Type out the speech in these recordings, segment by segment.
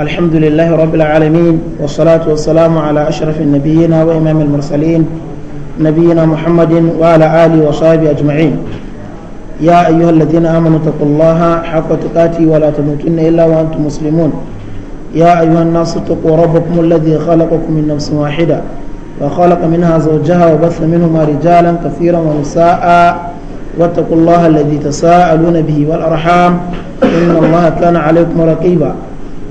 الحمد لله رب العالمين والصلاة والسلام على أشرف النبيين وإمام المرسلين نبينا محمد وعلى آله وصحبه أجمعين يا أيها الذين آمنوا اتقوا الله حق تقاته ولا تموتن إلا وأنتم مسلمون يا أيها الناس اتقوا ربكم الذي خلقكم من نفس واحدة وخلق منها زوجها وبث منهما رجالا كثيرا ونساء واتقوا الله الذي تساءلون به والأرحام إن الله كان عليكم رقيبا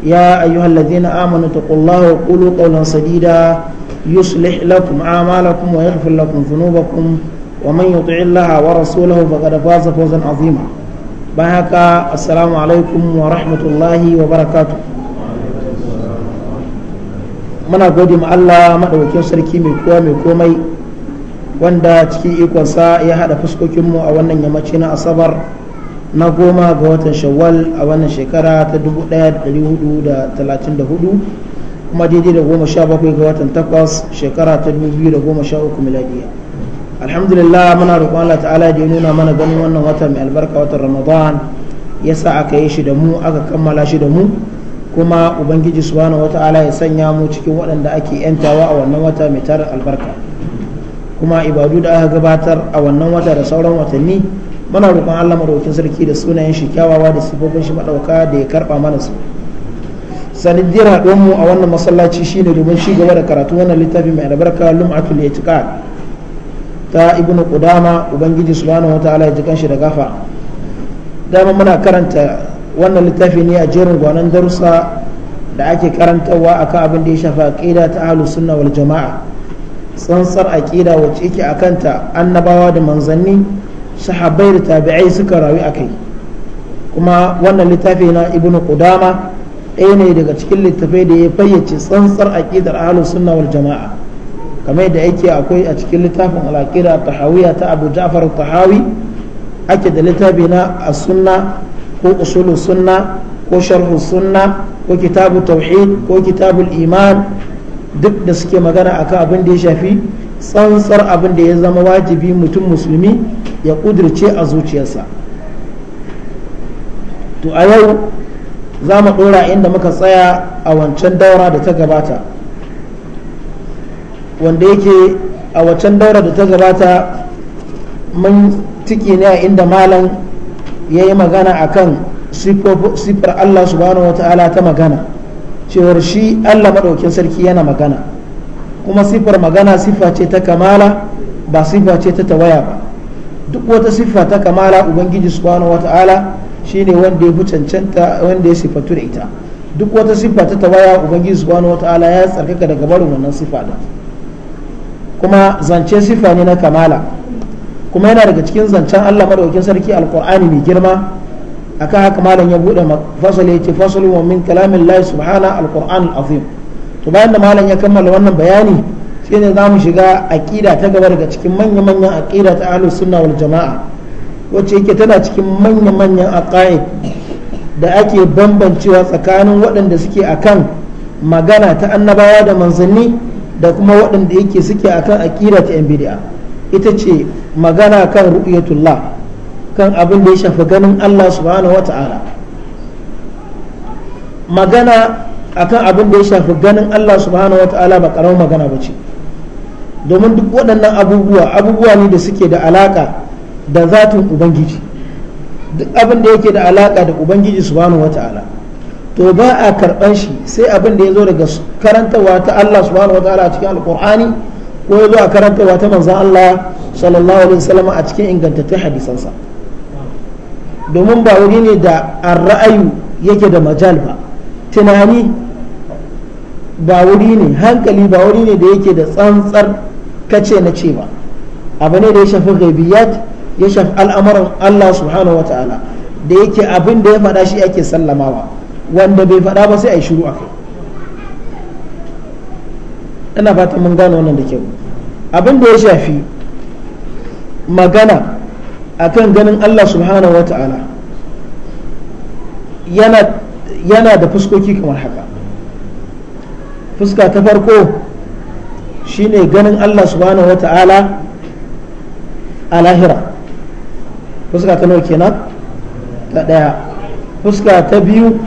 يا أيها الذين آمنوا اتقوا الله وقولوا قولا سديدا يصلح لكم أعمالكم ويغفر لكم ذنوبكم ومن يطع الله ورسوله فقد فاز فوزا عظيما بهك السلام عليكم ورحمة الله وبركاته muna gode ma Allah maɗaukin sarki mai kowa mai komai wanda ciki ikonsa ya haɗa fuskokinmu a wannan yammaci na asabar na goma ga watan shawwal a wannan shekara ta 1434 kuma daidai da goma sha bakwai ga watan takwas shekara ta 2013 miladiya alhamdulillah muna roƙon Allah ta'ala da ya nuna mana ganin wannan wata mai albarka watan ramadan ya sa aka yi shi da mu aka kammala shi da mu kuma ubangiji subhanahu wata'ala ya sanya mu cikin waɗanda ake yantawa a wannan wata mai tarin albarka kuma ibadu da aka gabatar a wannan wata da sauran watanni muna roƙon Allah madaukakin sarki da sunayen shi kyawawa da sifofin shi madauka da ya karba mana su sanadiyar haɗuwar mu a wannan masallaci shine domin ci gaba da karatu wannan littafi mai albarka lum'atul itiqad ta ibnu qudama ubangiji subhanahu wataala ya jikan shi da gafa dama muna karanta wannan littafi ne a jerin gwanon darussa da ake karantarwa akan abin da ya shafa aqida ta ahlus sunna wal jama'a tsantsar aqida wacce a kanta annabawa da manzanni sahabbai da tabi'ai suka rayu a kai kuma wannan littafi na ibnu qudama ɗaya ne daga cikin littafai da ya fayyace tsantsar aqidar ahlus sunna wal jama'a kamar yadda yake akwai a cikin littafin al-aqida tahawiyya ta Abu Ja'far tahawi ake da littafi na as-sunna ko usulus sunna ko sharhu sunna ko kitabu tauhid ko kitabul iman duk da suke magana akan abin da ya shafi tsantsar abin da ya zama wajibi mutum musulmi ya kudirce a zuciyarsa to a yau za mu ɗora inda muka tsaya a wancan daura da ta gabata wanda yake a wancan daura da ta gabata mun tiki ne a inda malam ya yi magana a kan siffar allah subhanahu wa ta'ala ta magana cewar shi allah maɗaukin sarki yana magana kuma siffar magana siffa ce ta kamala ba siffa ce ta tawaya ba duk wata siffa ta kamala ubangiji subhanahu wata'ala shine wanda ya fi cancanta wanda ya siffatu da ita duk wata siffa ta tawaya ubangiji subhanahu wata'ala ya tsarkaka daga barin wannan siffa da kuma zance siffa ne na kamala kuma yana daga cikin zancen Allah madaukakin sarki alqur'ani mai girma akan haka malam ya bude fasali ce fasalun min kalamin Allah subhana alqur'an azim to bayan da malam ya kammala wannan bayani sai ne za mu shiga aƙida ta gaba daga cikin manya-manyan aƙida ta ahlus sunna wal jama'a wacce yake tana cikin manya-manyan aqaid da ake bambancewa tsakanin waɗanda suke akan magana ta annabawa da manzanni da kuma waɗanda yake suke akan aƙida ta yan ita ce magana kan ru'yatullah kan abin da ya shafi ganin Allah subhanahu wata'ala magana akan abin da ya shafi ganin Allah subhanahu ta'ala ba karamar magana ba ce domin duk waɗannan abubuwa abubuwa ne da suke da alaka da zatin ubangiji duk abin da yake da alaka da ubangiji subhanahu ta'ala to ba a karɓan shi sai abin da ya zo daga karantawa ta Allah subhanahu ta'ala a cikin alkur'ani ko ya zo a karantawa ta manzan Allah sallallahu alaihi wasallam a cikin ingantattun hadisansa domin ba wuri ne da ra'ayu yake da majal ba tunani ba wuri ne hankali ba wuri ne da yake da tsantsar kace na ce ba abu ne da ya shafi ghaibiyat ya shafi al'amuran Allah subhanahu wa ta'ala da yake abin da ya faɗa shi ake sallamawa wanda bai faɗa ba sai a yi shiru a kai ina fata mun gano wannan da kyau abin da ya shafi magana akan ganin Allah subhanahu wa ta'ala yana da fuskoki kamar haka fuska ta farko shine ganin Allah subhanahu wa ta'ala a lahira fuska ta nauke kenan ta ɗaya fuska ta biyu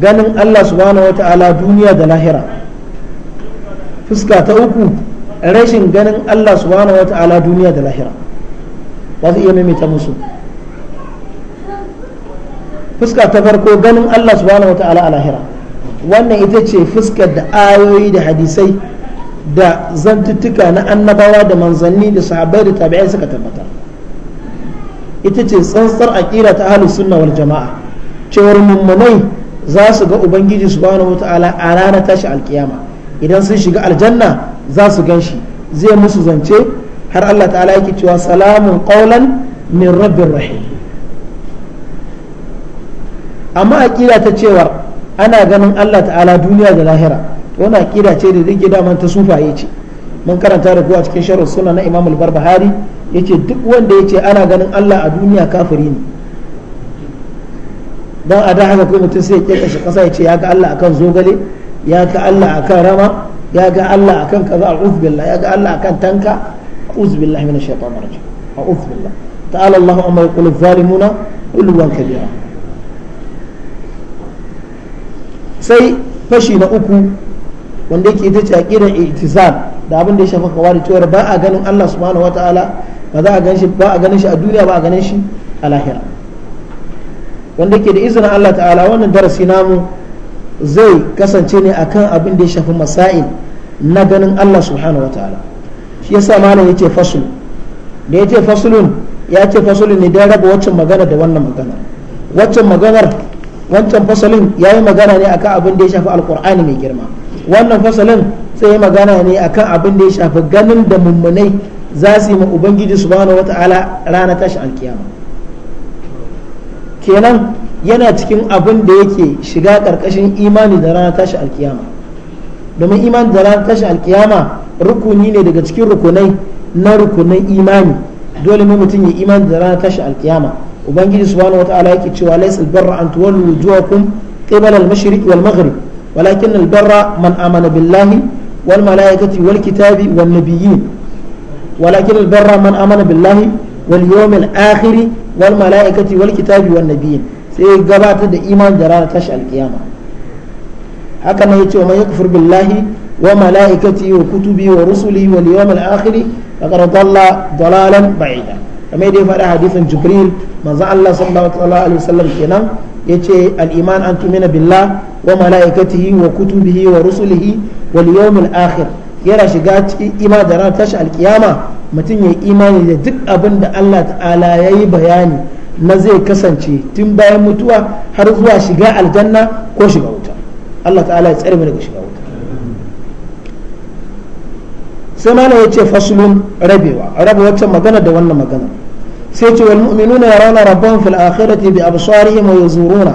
ganin Allah subhanahu wa ta'ala duniya da lahira fuska ta uku rashin ganin Allah subhanahu wa ta'ala duniya da lahira ba su iya maimaita musu fuska ta farko ganin Allah subhanahu wa ta'ala a lahira wannan ita ce fuskar da ayoyi da hadisai da zantuttuka na annabawa da manzanni da sahabbai da tabi'ai suka tabbata ita ce tsantsar akira ta ahlus sunna wal jama'a cewar mummunai za su ga ubangiji subhanahu wata'ala a ranar tashi alkiyama idan sun shiga aljanna za su gan shi zai musu zance har Allah ta'ala yake cewa salamun qaulan min rabbir rahim amma aƙira ta cewar ana ganin Allah ta'ala duniya da lahira wani aƙida ce da dinki daman ta sufaye ce mun karanta da a cikin sharar suna na imam imamul barbahari ya ce duk wanda ya ce ana ganin Allah a duniya kafiri ne don a da haka kai mutum sai ya kekashe ƙasa ya ce ya ga Allah akan zogale ya ga Allah akan rama ya ga Allah akan kaza a uzbillah ya ga Allah akan tanka uzbillah min shaitan rajim a uzbillah ta'ala Allah amma yaqulu zalimuna ulwan kabira sai fashi na uku wanda yake ita ce a i'tizam da abin da ya shafa kawari cewa ba a ganin Allah subhanahu wataala ba za a ganin shi ba a ganin shi a duniya ba a ganin shi a lahira wanda yake da izinin Allah ta'ala wannan darasi namu zai kasance ne akan abin da ya shafi masail na ganin Allah subhanahu wataala shi yasa malam yace fasul da yace fasulun ya ce fasulun ne don raba waccan magana da wannan magana waccan maganar wancan fasalin ya yi magana ne akan abin da ya shafi alkur'ani mai girma wannan fasalin sai ya magana ne akan abin da ya shafi ganin da mummunai za su yi ma ubangiji subhanahu ta'ala rana tashi alkiyama kenan yana cikin abin da yake shiga karkashin imani da rana tashi alkiyama domin imani da rana tashi alkiyama rukuni ne daga cikin rukunai na rukunan imani dole mutum ya imani da rana tashi alkiyama ubangiji subhanahu wataala yake cewa laysal barra an tuwallu wujuhakum qibala al-mashriq wal walakin al man amana billahi wal malaikati wal kitabi wan nabiyyin walakin al man amana billahi wal yawmil akhir wal malaikati wal kitabi wan nabiyyin sai gabatar da iman da ranar tashi alkiyama haka ne yace man yakfur billahi wa wa kutubi wa rusuli wal yawmil akhir faqad dalalan ba'ida kamar dai faɗa hadisin jibril manzo Allah sallallahu alaihi wasallam kenan yace al-iman an tumina billah wa malaikatihi wa kutubihi wa rusulihi wal yawmil akhir yana shiga cikin ima da ranar tashi alkiyama mutum ya imani da duk abin da Allah ta'ala ya yi bayani na zai kasance tun bayan mutuwa har zuwa shiga aljanna ko shiga wuta Allah ta'ala ya tsare mu daga shiga wuta sai mana ya ce fasulun rabewa rabe wacce magana da wannan magana sai ce wal mu'minuna yarawna rabbahum fil akhirati bi absarihim wa yazuruna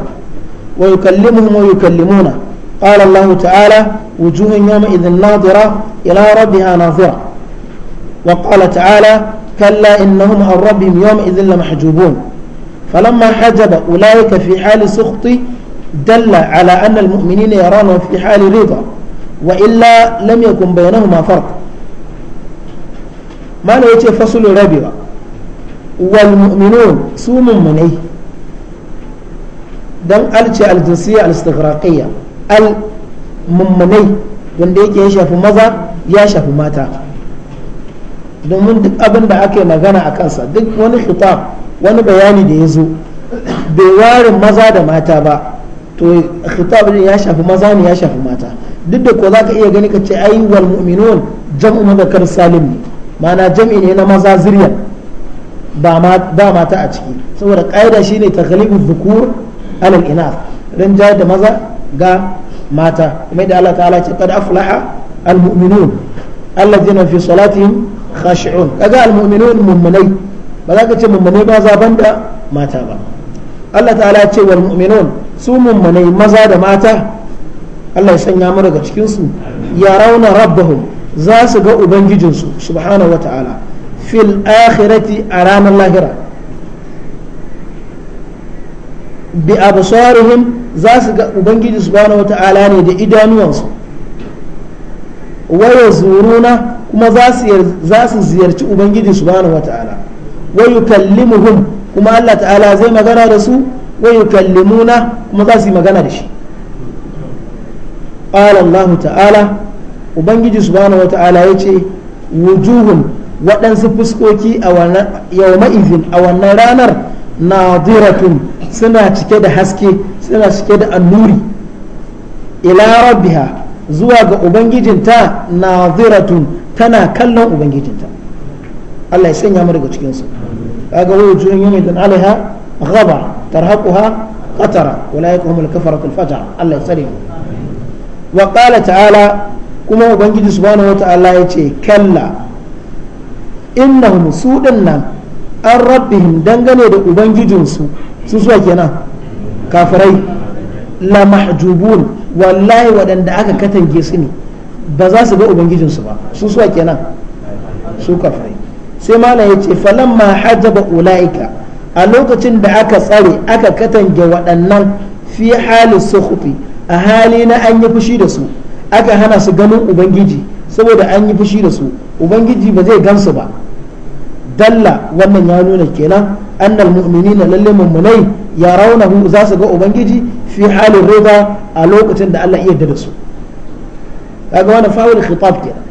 wa yukallimuhum wa yukallimuna qala Allah ta'ala wujuhun yawma idhin nadira ila rabbiha nadira wa qala ta'ala kalla innahum an rabbihim yawma idhin lamahjubun فلما حجب أولئك في حال سخط دل على أن المؤمنين يرونه في حال رضا وإلا لم يكن بينهما فرق ما لا يتفصل ربيعه wal mu'minun su mummunai dan alce aljinsiya al-istighraqiyya al wanda yake ya shafi maza ya shafi mata domin duk abin da aka yi magana a kansa duk wani khitab wani bayani da ya zo bai ware maza da mata ba to khitab din ya shafi maza ne ya shafi mata duk da za zaka iya gani ka ce ai wal mu'minun jam'u mudhakkar salim ne ma'ana jam'i ne na maza zirya. ba mata a ciki saboda ƙa'ida shine taghlibu dhukur alal inath don jayar da maza ga mata kuma da Allah ta'ala ce kada aflaha almu'minun alladhina fi salatin khashi'un kaga almu'minun mummunai ba za ka ce mummunai ba za banda mata ba Allah ta'ala ya ce wal mu'minun su mummunai maza da mata Allah ya sanya mu daga cikin su ya rauna rabbahum za su ga ubangijinsu subhanahu wa ta'ala fil akhirati a ranar lahira bi absarihim za su ga ubangiji subhanahu wata'ala ne da idanuwansu waya zuruna kuma za su ziyarci ubangiji subhanahu wata'ala wa yukallimuhum kuma Allah ta'ala zai magana da su wa yukallimuna kuma za yi magana da shi ta'ala ubangiji subhanahu ya ce wujuhun waɗansu fuskoki a wannan yawma izin a wannan ranar na nadiratun suna cike da haske suna cike da annuri ila rabbiha zuwa ga ubangijinta na nadiratun tana kallon ubangijinta Allah ya sanya mu daga cikin su kaga wa ju'un yawmin alaiha ghaba tarhaquha qatara ulaika humul kafaratu al-fajr Allah ya sare mu wa qala ta'ala kuma ubangiji subhanahu wa ta'ala yace kalla innahum su nan an rabbihim dangane da ubangijinsu su suwa kenan kafirai la mahjubun wallahi waɗanda aka katange su ne ba za su ga ubangijinsu ba su suwa kenan su kafirai sai mana ya ce ma hajaba ula'ika a lokacin da aka tsare aka katange waɗannan fi hali sukhti a hali na an yi fushi da su aka hana su ganin ubangiji saboda an yi fushi da su ubangiji ba zai gansu ba dalla wannan ya nuna kenan annal mu'minin lalle mummunai ya hu za su ga ubangiji fi halin rida a lokacin da Allah iya da su kaga wannan fa'ul khitab kenan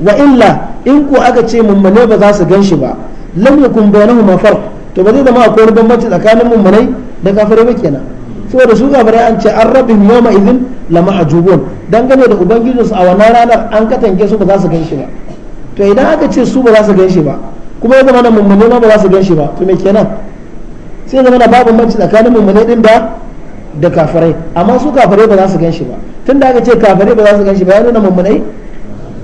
wa illa in ko aka ce mummune ba za su ganshi ba lam yakun ma farq to ba zai zama akwai bambanci tsakanin mummunai da kafare ba kenan saboda su kafare an ce an rabin yawma idin lama ajubun dangane da ubangijinsu a wannan ranar an katange su ba za su ganshi ba to idan aka ce su ba za su gan shi ba kuma ya zama da mummune ma ba za su gan shi ba to me kenan sai zama da babu manci tsakanin mummune din da da kafirai amma su kafirai ba za su gan shi ba tun da aka ce kafirai ba za su gan shi ba ya nuna mummune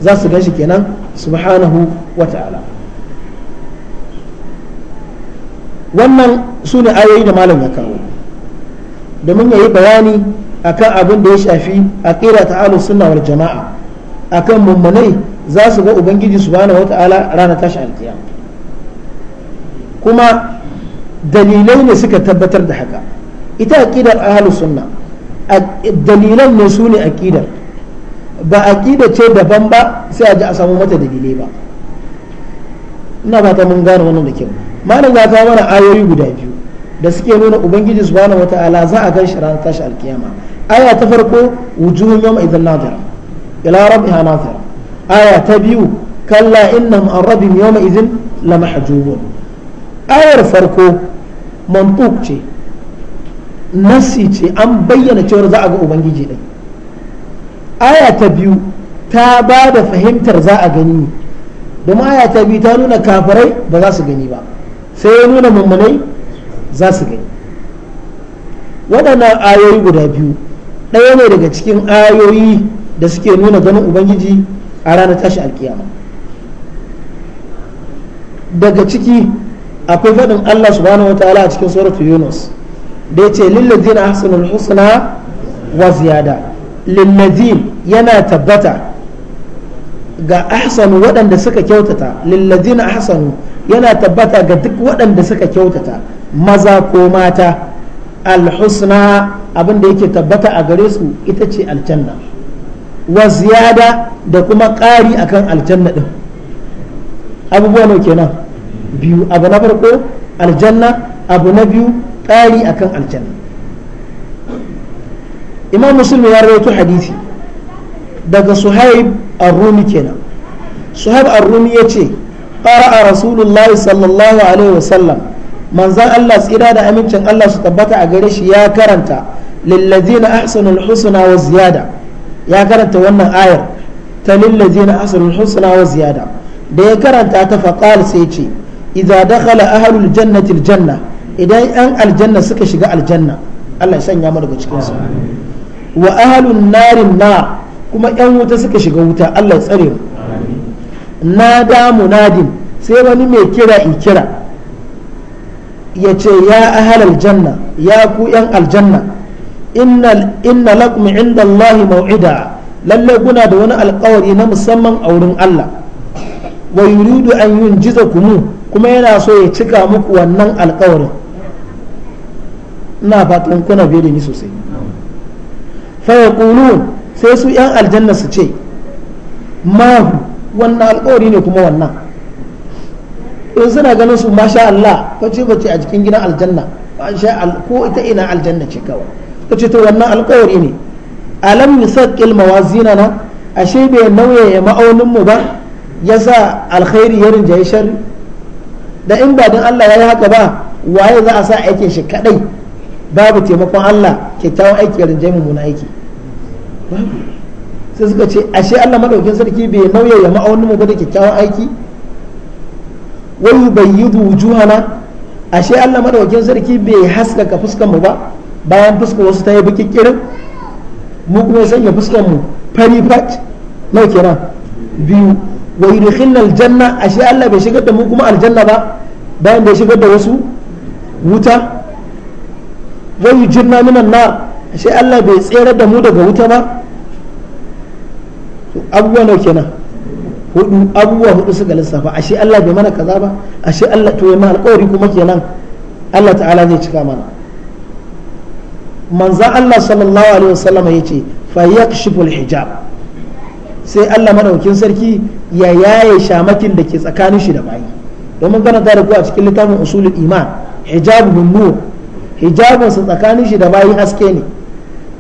za su gan shi kenan subhanahu wa ta'ala wannan su ne ayoyi da malam ya kawo domin ya yi bayani akan abin da ya shafi aqida ta ahlus sunna wal jama'a akan mummunai za su ga ubangiji subhanahu wata'ala ranar tashi alkiyama kuma dalilai ne suka tabbatar da haka ita aqidar ahlus sunna dalilan ne su ne aqidar ba aqida ce daban ba sai a ji a samu mata dalilai ba ina ba ta mun gane wannan da kyau malam ya kawo mana ayoyi guda biyu da suke nuna ubangiji subhanahu wataala za a gan shi ranar tashi alkiyama aya ta farko wujuhun yawma idan nadira ila rabbiha nadira aya ta biyu kalla innahum an rabbihim izin la lamahjubun ayar farko mantuk ce nasi ce an bayyana cewar za a ga ubangiji dai aya ta biyu ta ba da fahimtar za a gani domin aya ta biyu ta nuna kafirai ba za su gani ba sai ya nuna mummunai za su gani waɗannan ayoyi guda biyu ɗaya ne daga cikin ayoyi da suke nuna ganin ubangiji a ranar tashi alkiyama daga ciki akwai faɗin Allah subhanahu wa ta'ala a cikin suratul Yunus da ya ce lillazin ahsanul husna wa ziyada lillazin yana tabbata ga ahsanu waɗanda suka kyautata lillazin ahsanu yana tabbata ga duk waɗanda suka kyautata maza ko mata alhusna abin yake tabbata a gare su ita ce aljanna wa ziyada da kuma ƙari akan aljanna ɗin abubuwa ne kenan biyu abu na farko aljanna abu na biyu ƙari akan aljanna imam muslim ya rawaito hadisi daga suhaib ar-rumi kenan suhaib ar-rumi yace a rasulullahi sallallahu alaihi wasallam manzan Allah tsira da amincin Allah su tabbata a gare shi ya karanta lillazina ahsanul husna wa ziyada ya karanta wannan ayar ta lillazina ahsanul husna wa ziyada da ya karanta ta faƙal sai ce idza dakhala ahlul jannati aljanna idan yan aljanna suka shiga aljanna Allah ya sanya mu daga cikin su wa ahlun narin na kuma yan wuta suka shiga wuta Allah ya tsare mu da munadin sai wani mai kira in kira ya ce ya ahal janna ya ku yan aljanna inna lakum inda Allah mau'ida lalle kuna da wani alkawari na musamman a wurin Allah wa yuridu an kunu kuma yana so ya cika muku wannan alkawarin ina fatan kuna biye da ni sosai fa sai su yan aljanna su ce ma wannan alkawari ne kuma wannan in suna ganin su masha Allah bace bace a cikin gidan aljanna ko ita ina aljanna ce kawai ce to wannan alƙawari ne alam yusaqqil mawazinana ashe bai ya ma'aunin mu ba yasa alkhairi ya ya sharri da in ba don Allah ya yi haka ba waye za a sa aikin shi kadai babu taimakon Allah kyakkyawan aiki ya mu mummuna aiki babu sai suka ce ashe Allah madaukin sarki bai nauye ya ma'aunin mu da kyakkyawan aiki wai bayyidu wujuhana ashe Allah madaukin sarki bai haskaka fuskar mu ba bayan fuskar wasu ta yi baki kirin mu kuma sanya fuskar mu fari fat nau kenan biyu wa yudkhilna aljanna ashe Allah bai shigar da mu kuma aljanna ba bayan bai shigar da wasu wuta wa yujirna minan nar ashe Allah bai tsere da mu daga wuta ba abubuwa nau kenan hudu abubuwa hudu suka lissafa ashe Allah bai mana kaza ba ashe Allah to ya ma alƙawari kuma kenan Allah ta'ala zai cika mana manza Allah sallallahu alaihi wasallam ya ce fa yakshiful hijab sai Allah madaukin sarki ya yaye shamakin da ke tsakanin shi da bayi domin gana da rubuwa a cikin littafin usulul iman min nur hijabun sa tsakanin shi da bayi haske ne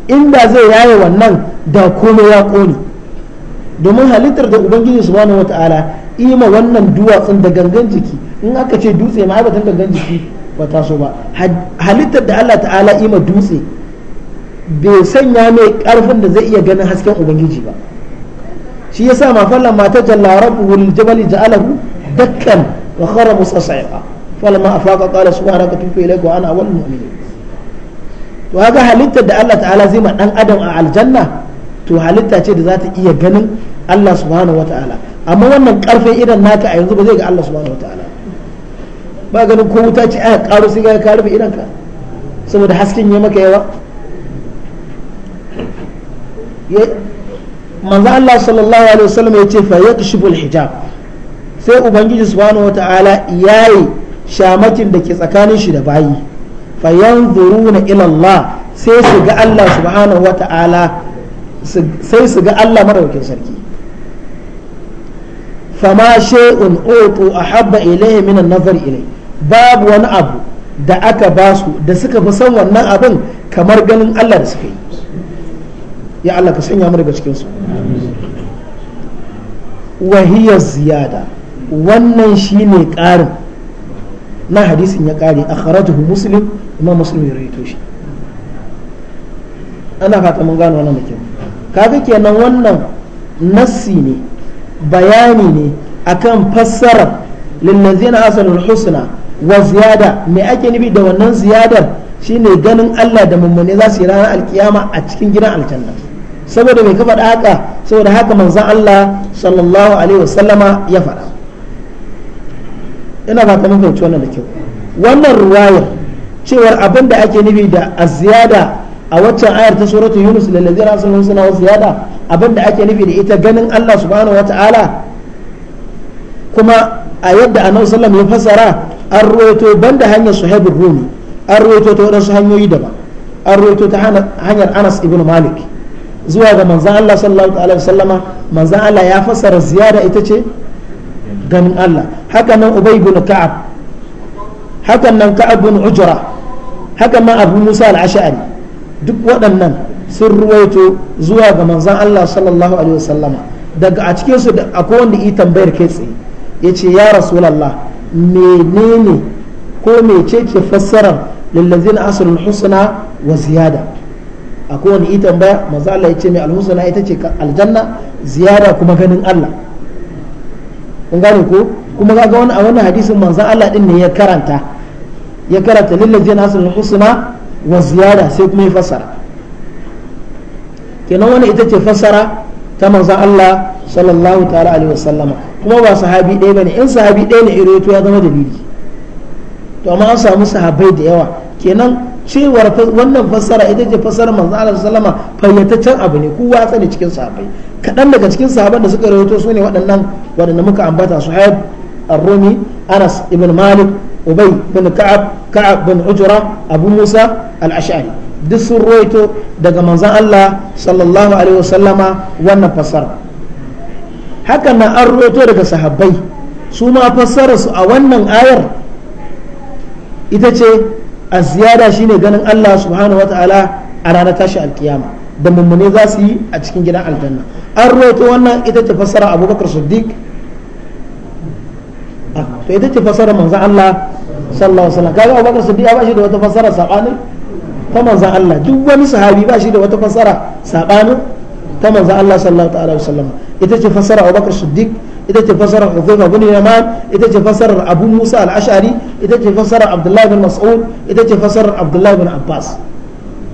inda zai yaye wannan da komai ya kone domin halittar da ubangiji subhanahu wataala ima wannan duwatsun da gangan jiki in aka ce dutse ma gangan jiki ba taso ba halittar da Allah ta'ala ima dutse bai sanya mai karfin da zai iya ganin hasken ubangiji ba shi yasa ma fallan ta jalla rabbuhu lil jabali ja'alahu dakkan wa khara musasaiqa falamma afaqa qala subhanaka tubtu ilayka wa ana awwal mu'minin to haka halitta da Allah ta'ala zai ma dan adam a aljanna to halitta ce da za ta iya ganin Allah subhanahu wa ta'ala amma wannan karfin idan naka a yanzu ba zai ga Allah subhanahu wa ta'ala ba ganin ko wuta ce a karo sai ga ka rufe idan ka saboda hasken ya maka yawa manzo Allah sallallahu alaihi wasallam ya ce fa yakshibul hijab sai ubangiji subhanahu wataala yayi shamakin da ke tsakanin shi da bayi fa yanzuruna ila Allah sai su ga Allah subhanahu wataala sai su ga Allah madaukakin sarki fama shay'un utu ahabba ilayhi min an-nazar ilayhi babu wani abu da aka basu da suka fi son wannan abin kamar ganin Allah da suka yi ya Allah ka sanya mu daga cikin su wahiya ziyada wannan shine ƙarin na hadisin ya ƙare akhrajahu muslim imam muslim ya rawaito shi ana fata mun gano wannan mutum kaga kenan wannan nassi ne bayani ne akan fassarar lillazina hasanul husna wa ziyada me ake nufi da wannan ziyadar shine ganin Allah da mummune za su yi ranar alkiyama a cikin gidan aljanna saboda mai kafa haka saboda haka manzan Allah sallallahu alaihi wasallama ya faɗa ina ba ta ya wannan da kyau wannan ruwayar cewar abin da ake nufi da a ziyada a waccan ayar ta suratul yunus lallazi rasulun suna wa ziyada abin da ake nufi da ita ganin Allah subhanahu wa ta'ala kuma a yadda annabi sallam ya fassara an ruwaito banda hanyar suhaibul rumi an ruwaito ta waɗansu hanyoyi daban an ruwaito ta hanyar anas ibn malik zuwa ga manzan Allah sallallahu alaihi wasallama manzan Allah ya fassara ziyara ita ce ganin Allah haka nan ubay bin ka'ab haka nan ka'ab bin ujra haka nan abu musa al-ash'ari duk waɗannan sun ruwaito zuwa ga manzan Allah sallallahu alaihi wasallama daga a cikin su akwai wanda yi tambayar kai tsaye yace ya rasulullah menene ko mece ce fassarar lillazina asrul husna wa ziyada a kowane itan ba maza Allah ya ce mai alhusana ita ce aljanna ziyara kuma ganin Allah kun gane ko kuma ga wani a wannan hadisin manzan Allah din ne ya karanta ya karanta na hasanul husna wa ziyara sai kuma ya fassara kenan wani ita ce fassara ta manzan Allah sallallahu ta'ala alaihi wasallama kuma ba sahabi ɗaya bane in sahabi ɗaya ne ireto ya zama dalili to amma an samu sahabbai da yawa kenan cewar wannan fassara ita ce fassarar manzo Allah sallama fayyataccen abu ne kowa ya sani cikin sahabbai kaɗan daga cikin sahabban da suka rawaito su ne waɗannan waɗanda muka ambata su hayab ar-rumi anas ibn malik ubay bin ka'ab ka'ab bin ujra abu musa al-ash'ari duk sun rawaito daga manzon Allah sallallahu alaihi wasallama wannan fassara haka na an rawaito daga sahabbai su ma fassararsu a wannan ayar ita ce a shine ganin Allah subhanahu ta'ala a ranar tashi alkiyama da mummune za su yi a cikin gidan aljanna an roto wannan ita ce fasara abubakar siddiq ah, to ita ce fasara manzan Allah sallallahu alaihi wasallam kaga abubakar siddiq ba shi da wata fasara sabanin ta manzan Allah duk wani sahabi ba shi da wata fasara sabanin ta manzan Allah ita ce fasara abubakar siddiq ita ce fasara Hudhayfa bin Yaman ita ce fasara Abu Musa al-Ash'ari ita ce fasara Abdullah bin Mas'ud ita ce fasara Abdullah bin Abbas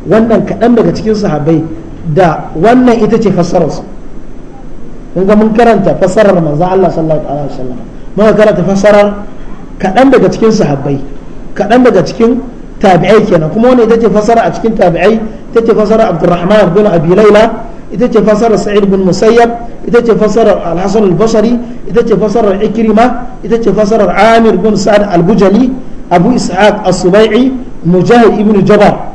wannan kaɗan daga cikin sahabbai da wannan ita ce fassararsu kun ga mun karanta fassarar manzon Allah sallallahu alaihi wasallam muka karanta fassarar kaɗan daga cikin sahabbai kaɗan daga cikin tabi'ai kenan kuma wannan ita ce fasara a cikin tabi'ai ita ce fasara Abdurrahman bin Abi Layla ita ce fasara Sa'id bin Musayyab ita ce fasarar al al-basri ita ce fasarar ikrima ita ce fasarar amir bin sa'ad al-bujali abu ishaq as-subai'i mujahid ibn jabar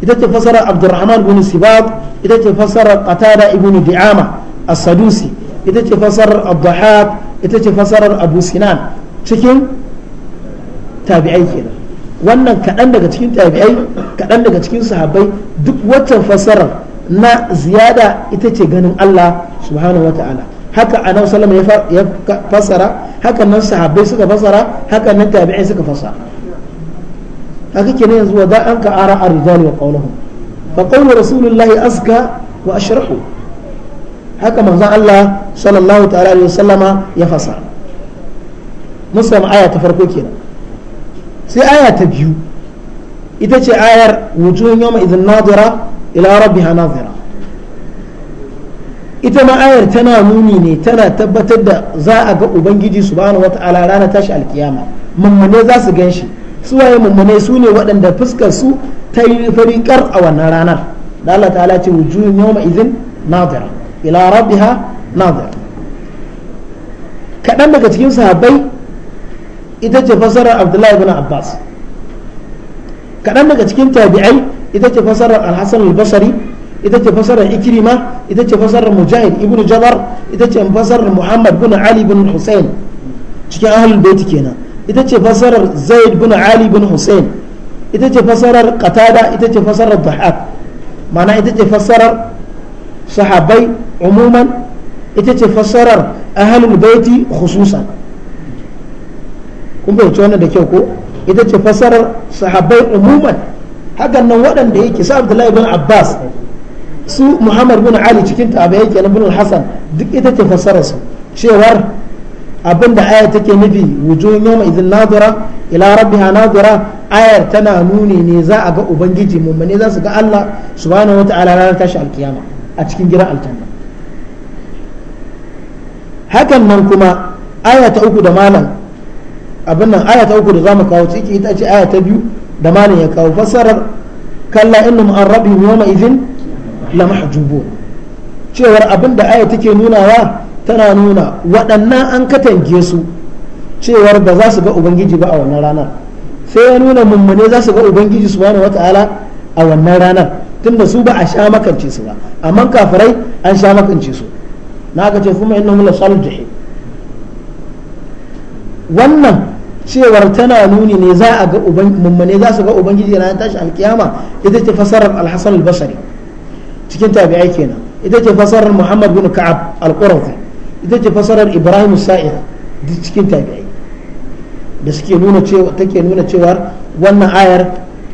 ita ce fasarar abdurrahman bin sibad ita ce fasarar qatada ibn di'ama as-sadusi ita ce fasarar abdahab ita ce fasarar abu sinan cikin tabi'ai kenan wannan kaɗan daga cikin tabi'ai kaɗan daga cikin sahabbai duk waccan fasarar na ziyada ita ce ganin Allah subhanahu wa ta'ala haka anan salama ya fassara haka nan sahabbai suka fassara haka nan tabi'ai suka fassara haka kenan yanzu wa da an ka ara ar-rijal wa qawluhum fa qawlu rasulullahi aska wa ashrahu haka manzon Allah sallallahu ta'ala alaihi wasallama ya fassara musam aya ta farko kenan sai aya ta biyu ita ce ayar wujuhun yawma idhin nadira ila rabbiha nazira ita ma ayar tana nuni ne tana tabbatar da za a ga ubangiji subhanahu wata'ala ranar tashi alkiyama mummune za su gan shi waye mummune su ne waɗanda fuskar su ta yi fariƙar a wannan ranar da Allah ta'ala ce wujuhun yawma izin nazira ila rabbiha nazira kaɗan daga cikin sahabbai ita ce fasarar abdullahi ibn abbas kaɗan daga cikin tabi'ai ita ce fasarar al-hasan basri ita ce fasarar ikrima ita ce fasarar mujahid ibnu jabar ita ce fasarar muhammad bin ali bin hussein cikin ahlul bait kenan ita ce fasarar zaid bin ali bin hussein ita ce fasarar qatada ita ce fasarar dhahab ma'ana ita ce fasarar sahabbai umuman ita ce fasarar ahlul baiti khususan kun fahimci wannan da kyau ko ita ce fasarar sahabbai umuman hakan nan waɗanda yake su abdullahi bin abbas su muhammad bin ali cikin tabi'ai kenan bin hasan duk ita ce fassara su cewar abinda aya take nufi wujuhun yawma idin nadira ila rabbiha nadira ayar tana nuni ne za a ga ubangiji mummune za su ga Allah subhanahu wataala ranar tashi alkiyama a cikin gidan aljanna hakan nan kuma aya ta uku da malam abin nan aya ta uku da zamu kawo ciki ita ce aya ta biyu da malin ya kawo fassarar kalla inna ma'an rabbi yawma idhin la mahjubun cewar abinda aya take nunawa tana nuna waɗannan an katange su cewar ba za su ga ubangiji ba a wannan ranar sai ya nuna mummune za su ga ubangiji subhanahu wata'ala a wannan ranar tunda su ba a sha makance su ba amma kafirai an sha makance su na aka ce kuma innahum la salihin wannan cewar tana nuni ne za a ga mummune za su ga ubangiji ranar tashi alkiyama ita ce fasarar alhassan albasari cikin tabi'ai kenan ita ce fasarar muhammad bin ka'ab alqurazi ita ce fasarar ibrahim sa'id da cikin tabi'ai da suke nuna cewa take nuna cewa wannan ayar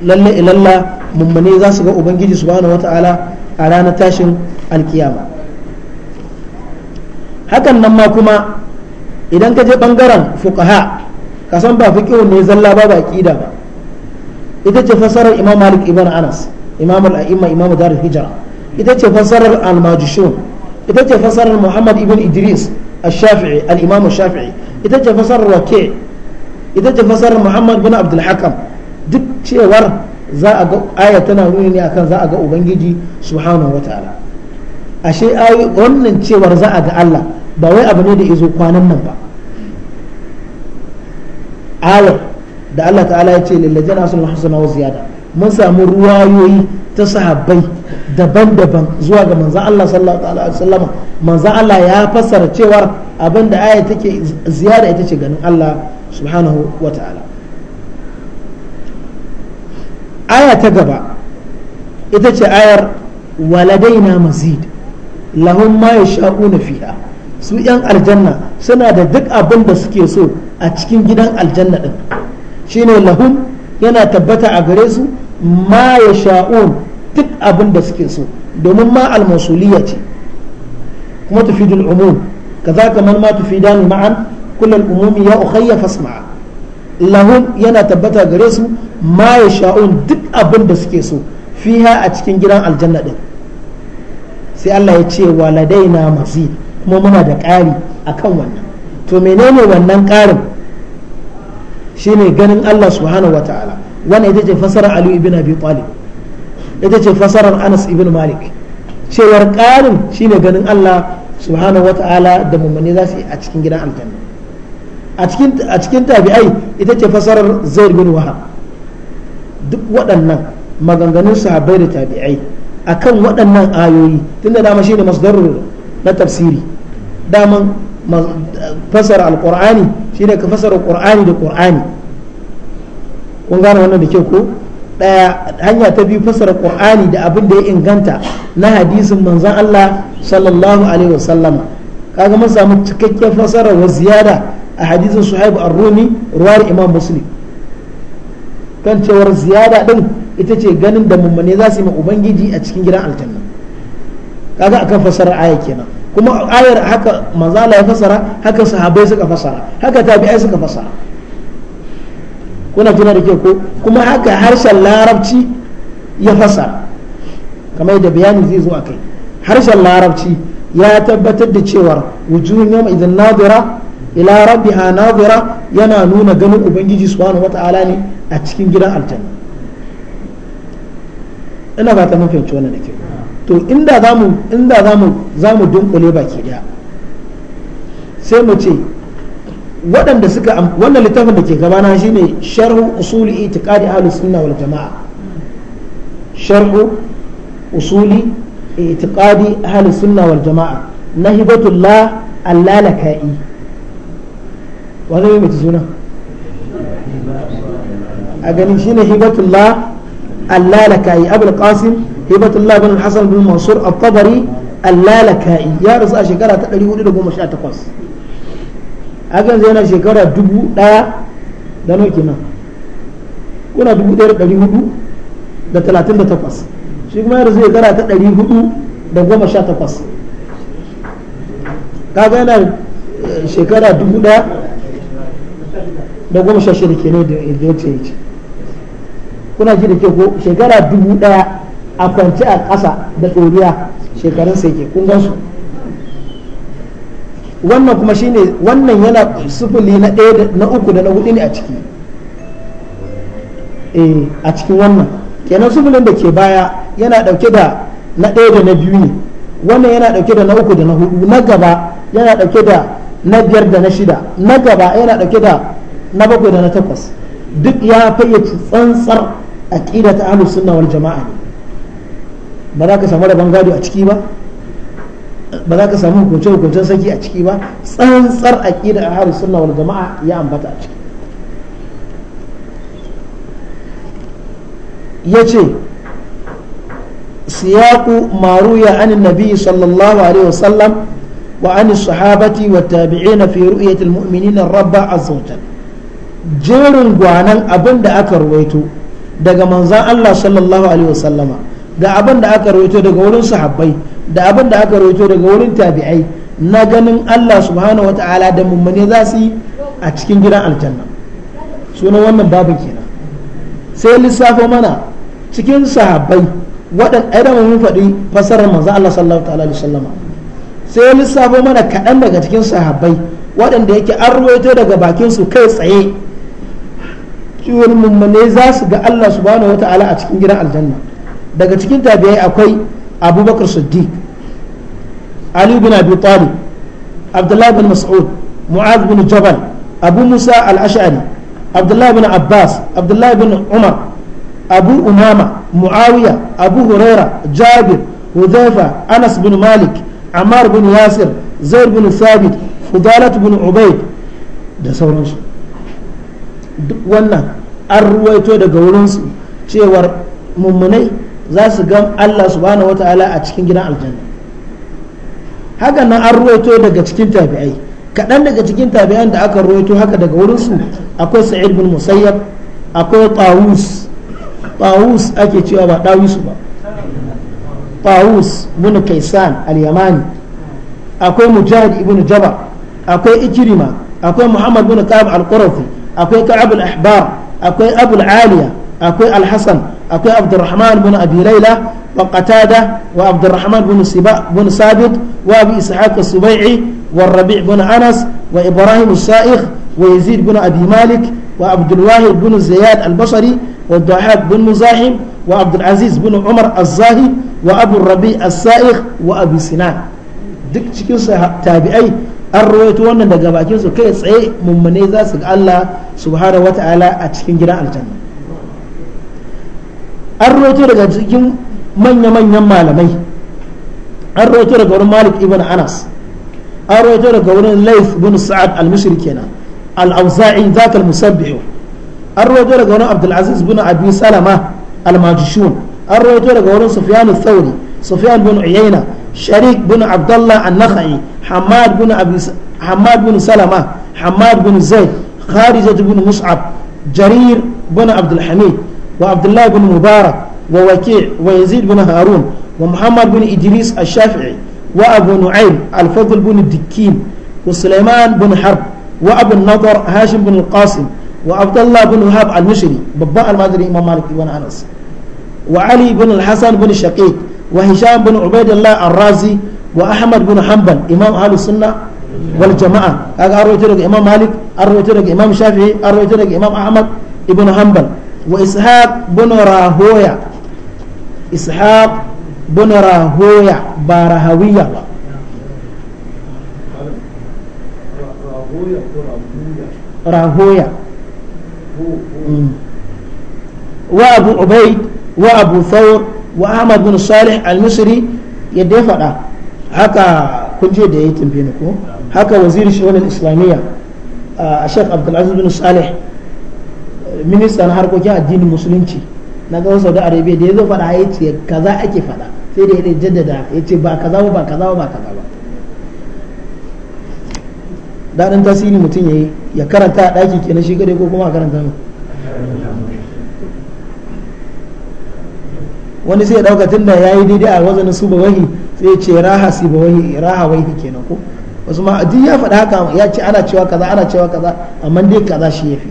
lalle ilalla mummune za su ga ubangiji subhanahu wataala a ranar tashin alkiyama hakan nan ma kuma idan ka je bangaren fuqaha ka san ba fiqh ne zalla ba ba aqida ba ita ce fasarar imam malik ibn anas imam al-a'imma imam darul hijra ita ce fasarar al-majishun ita ce fasarar muhammad ibn idris al-shafi'i al-imam al-shafi'i ita ce fasarar waqi ita ce fasarar muhammad ibn abdul hakam duk cewar za a ga aya tana nuni ne akan za a ga ubangiji subhanahu wataala ashe ayi wannan cewar za a ga Allah ba wai abu ne da izo kwanan nan ba awar da Allah ta'ala ya ce lillajina asul hasana wa ziyada mun samu ruwayoyi ta sahabbai daban-daban zuwa ga manzan Allah sallallahu alaihi wasallam manzan Allah ya fassara cewar abinda aya take ziyara ita ce ganin Allah subhanahu wa ta'ala aya ta gaba ita ce ayar waladaina mazid lahum ma yasha'una fiha su yan aljanna suna da duk abin da suke so a cikin gidan aljanna din shine lahun yana tabbata a gare su ma ya sha'un duk abin da suke so domin ma almasuliya ce kuma tufidul umum kaza kamar ma tufidan ma'an kullal umumi ya ukhayya fasma'a lahun yana tabbata gare su ma ya sha'un duk abin da suke so fiha a cikin gidan aljanna din sai Allah ya ce waladaina mazid kuma muna da ƙari akan wannan to menene wannan ƙarin shine ganin Allah subhanahu ta'ala wannan ita ce fasarar Ali ibn Abi Talib ita ce fasarar Anas ibn Malik cewar ƙarin shine ganin Allah subhanahu ta'ala da mummuni za su yi a cikin gidan aljanna a cikin tabi'ai ita ce fasarar zaid bin wahab duk waɗannan maganganun sahabbai da tabi'ai akan waɗannan ayoyi tunda dama shine masdarur na tafsiri daman fasara alqur'ani shine ka fasara qur'ani da qur'ani kun gane wannan da kyau ko daya hanya ta biyu fasara qur'ani da abin da ya inganta na hadisin manzon Allah sallallahu alaihi wasallama kaga mun samu cikakken fasara wa ziyada a hadisin suhaib ar-rumi ruwar imam muslim kan cewar ziyada din ita ce ganin da mummune za su yi ma ubangiji a cikin gidan aljanna kaga akan fasarar aya kenan kuma ayar haka manzala ya fasara haka sahabai suka fasara haka tabi'ai suka fasara kuna tuna da ke ko kuma haka harshen larabci ya fasara kamar yadda bayani zai zo a kai harshen larabci ya tabbatar da cewar wujuhun yawma idan nadira ila rabbiha nadira yana nuna ganin ubangiji subhanahu wata'ala ne a cikin gidan aljanna ina ba ta mafi wannan da ke to inda zamu inda zamu zamu dunkule baki daya sai mu ce waɗanda suka wannan littafin da ke gabana shine sharhu usuli itiqadi ahlus sunna wal jamaa sharhu usuli itiqadi ahlus sunna wal jamaa na hibatullah allalaka'i wanda mai suna a ganin hibatullah allalaka'i abul qasim hibatullah الله بن الحسن mansur منصور الطبري اللالكائي يا ya rasu a shekara ta 418 hakan zai dubu daya da nau كنا kuna dubu daya da dari hudu da talatin da takwas kuma ya rasu shekara dari hudu da goma sha takwas kaga yana eh, shekara dubu daya da goma sha shida da ya kuna ji da ke ko shekara a kwanci a ƙasa da ɗoriya shekarun sai ke kun gansu wannan kuma shine wannan yana sufuli na ɗaya na uku da na hudu ne a ciki eh, a cikin wannan kenan sufulin da ke baya yana ɗauke da na ɗaya da na biyu ne wannan yana ɗauke da na uku da na hudu na gaba yana ɗauke da na biyar da na shida na gaba yana ɗauke da na bakwai da na takwas duk ya fayyace tsantsar aƙida ta ahlus sunna wal jama'a ne ba za ka samu rabon gado a ciki ba ba za ka samu hukunce hukuncen saki a ciki ba tsantsar aqida a harin sunna wani jama'a ya ambata a ciki ya ce siyaku maruya an nabi sallallahu alaihi wasallam wa an sahabati wa na fi ru'yatil mu'minina rabba a zautar jerin gwanan abin da aka ruwaito daga manzan Allah sallallahu Alaihi wasallama da abin da aka rawaito daga wurin sahabbai da abin da aka rawaito daga wurin tabi'ai na ganin Allah subhanahu wata'ala da mummune za su yi a cikin gidan aljanna sunan wannan babin kenan sai lissafo mana cikin sahabbai waɗanda ɗaya mun faɗi fasarar manzo Allah sallallahu ta'ala alaihi wasallama sai lissafo mana kaɗan daga cikin sahabbai waɗanda yake an daga bakin su kai tsaye cewa mummune za su ga Allah subhanahu wata'ala a cikin gidan aljanna daga cikin tabi'ai akwai abubakar siddiq ali bin abi talib abdullah bin mas'ud mu'az bin jabal abu musa al-ash'ari abdullah bin abbas abdullah bin umar abu umama muawiya abu huraira jabir Hudaifa, anas bin malik Amar bin yasir Zair bin sabit fudalat bin ubaid da sauransu duk wannan an ruwaito daga wurinsu cewar mummunai za su ga Allah subhanahu wataala a cikin gidan aljanna haka nan an ruwaito daga cikin tabi'ai kaɗan daga cikin tabi'an da aka ruwaito haka daga wurinsu akwai sa'id bin musayyab akwai tawus tawus ake cewa ba dawisu ba tawus bin kaisan al-yamani akwai mujahid ibn jaba akwai ikrima akwai muhammad bin ka'ab al-qurafi akwai ka'ab al-ahbar akwai abul aliya akwai al-hasan akwai abdurrahman bin abi laila wa qatada wa abdurrahman bin bin sabit wa abi ishaq as-subai'i wa rabi' bin anas wa ibrahim as-sa'ikh wa yazid bin abi malik wa abdul wahid bin ziyad al-basri wa dhahab bin muzahim wa abdul aziz bin umar az wa abu rabi' as wa abi duk cikin tabi'ai an rawaito wannan daga bakin su kai tsaye mummune za su ga Allah subhanahu a cikin gidan aljanna an rawaito daga cikin manya-manyan malamai an rawaito daga wurin malik ibn anas an rawaito daga wurin laif bin sa'ad al-misri kenan al-auza'i zaka al-musabbihu an rawaito daga wurin abdulaziz bin abi salama al-majishun an rawaito daga wurin sufyan al-thawri sufyan bin uyayna sharik bin abdullah an-nakhai hamad bin abi hamad bin salama hamad bin zaid kharijah bin mus'ab jarir bin abdul hamid وعبد الله بن مبارك ووكيع ويزيد بن هارون ومحمد بن إدريس الشافعي وأبو نعيم الفضل بن الدكين وسليمان بن حرب وأبو النضر هاشم بن القاسم وعبد الله بن وهاب المشري بابا المدري إمام مالك بن أنس وعلي بن الحسن بن شقيق وهشام بن عبيد الله الرازي وأحمد بن حنبل إمام أهل السنة والجماعة أرويت لك إمام مالك أرويت لك إمام شافعي أرويت لك إمام أحمد بن حنبل وإسحاق بن راهويا إسحاق بن راهويا بارهوية راهويا وأبو عبيد وأبو ثور وأحمد بن صالح المصري يدفع هكا كنت دي تنبينكو هكا وزير الشؤون الإسلامية آه، الشيخ عبد العزيز بن صالح ministan harkokin addinin musulunci na ƙasar saudi arabia da ya zo faɗa ya ce kaza ake faɗa sai da ya jaddada ya ce ba kaza ba kaza ba kaza ba daɗin tasiri mutum ya yi ya karanta a ɗaki kenan shi gare ko kuma a karanta mu wani sai ya ɗauka tun da ya yi daidai a wazanin su ba wahi sai ya ce raha si ba wahi raha wahi kenan ko wasu ma duk ya faɗa haka ya ce ana cewa kaza ana cewa kaza amma dai kaza shi ya fi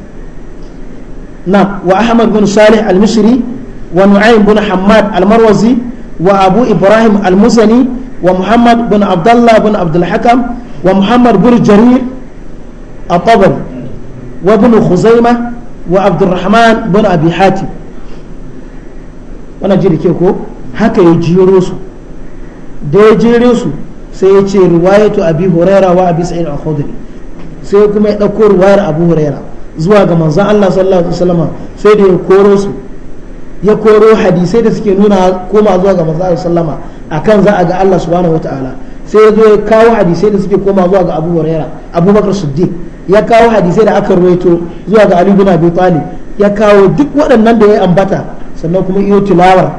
نعم وأحمد بن صالح المصري ونعيم بن حماد المروزي وأبو إبراهيم المزني ومحمد بن عبد الله بن عبد الحكم ومحمد بن جرير الطبري وابن خزيمة وعبد الرحمن بن أبي حاتم wannan jiri ke ko haka ya jiro su da ya jiro su sai ya ce riwayatu abi huraira wa abi sa'id al-khudri sai kuma ya dauko riwayar abu huraira zuwa ga manzan Allah sallallahu alaihi wasallam sai da ya koro su ya koro hadisai da suke nuna koma zuwa ga manzan Allah sallama akan za a ga Allah subhanahu wataala sai ya zo ya kawo hadisai da suke koma zuwa ga Abu Abu Bakar Siddiq ya kawo hadisai da aka rawaito zuwa ga Ali bin Abi Talib ya kawo duk waɗannan da ya ambata sannan kuma iyo tilawar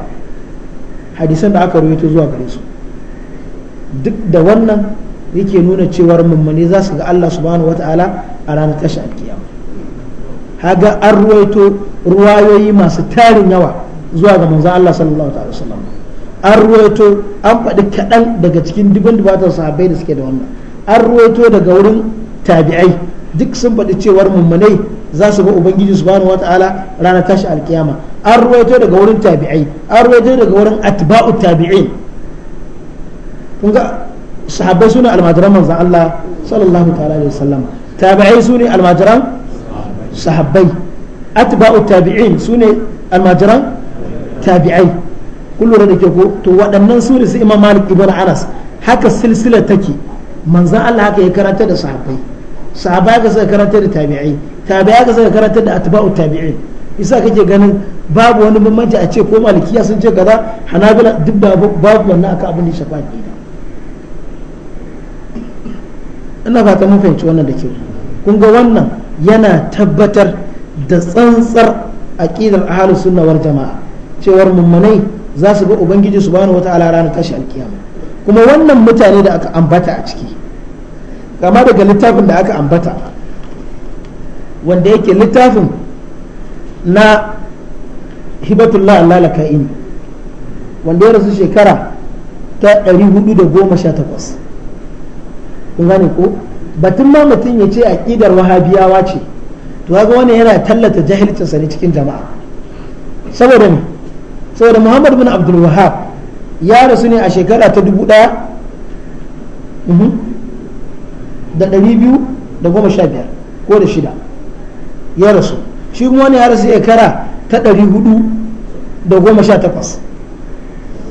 hadisan da aka rawaito zuwa gare su duk da wannan yake nuna cewar mummuni za su ga Allah subhanahu wataala a ranar tashin alkiyama haga an ruwaito ruwayoyi masu tarin yawa zuwa ga manzon Allah sallallahu alaihi wasallam an ruwaito an faɗi kaɗan daga cikin dubin dubatar sahabbai da suke da wannan an ruwaito daga wurin tabi'ai duk sun faɗi cewar mummunai za su ba ubangiji subhanahu wataala ranar tashi alkiyama an ruwaito daga wurin tabi'ai an ruwaito daga wurin atba'u tabi'in kun ga sahabbai sune almajiran manzon Allah sallallahu ta'ala alaihi wasallam tabi'ai sune almajiran sahabbai atba'u tabi'in sune almajiran tabi'ai kullum da ke ko to waɗannan su ne su imam malik ibn anas haka silsila take manzan Allah haka ya karanta da sahabbai sahabbai haka suka karanta da tabi'ai tabi'ai haka suka karanta da atba'u tabi'in isa kake ganin babu wani bambanci a ce ko malikiya sun ce kaza hanabila duk babu wannan aka abin da ina fata mun fahimci wannan da ke kun ga wannan yana tabbatar da tsantsar aƙidar ahlus sunnawar jama'a cewar mummunai za su ga ubangiji su bani wata ala ranar tashi alkiyama kuma wannan mutane da aka ambata a ciki kama daga littafin da aka ambata wanda yake littafin na hibatullah Allah laka'ini wanda ya rasu shekara ta 418 kun gane ko batun ma mutum ya ce aƙidar wahabiyawa ce to ga wani yana tallata sa ne cikin jama'a saboda ne saboda muhammad bin abdul wahab ya rasu ne a shekara ta dubu ɗaya mhm, da ɗari biyu da goma sha biyar ko da shida ya rasu shi kuma wani ya rasu shekara ta ɗari hudu da goma sha takwas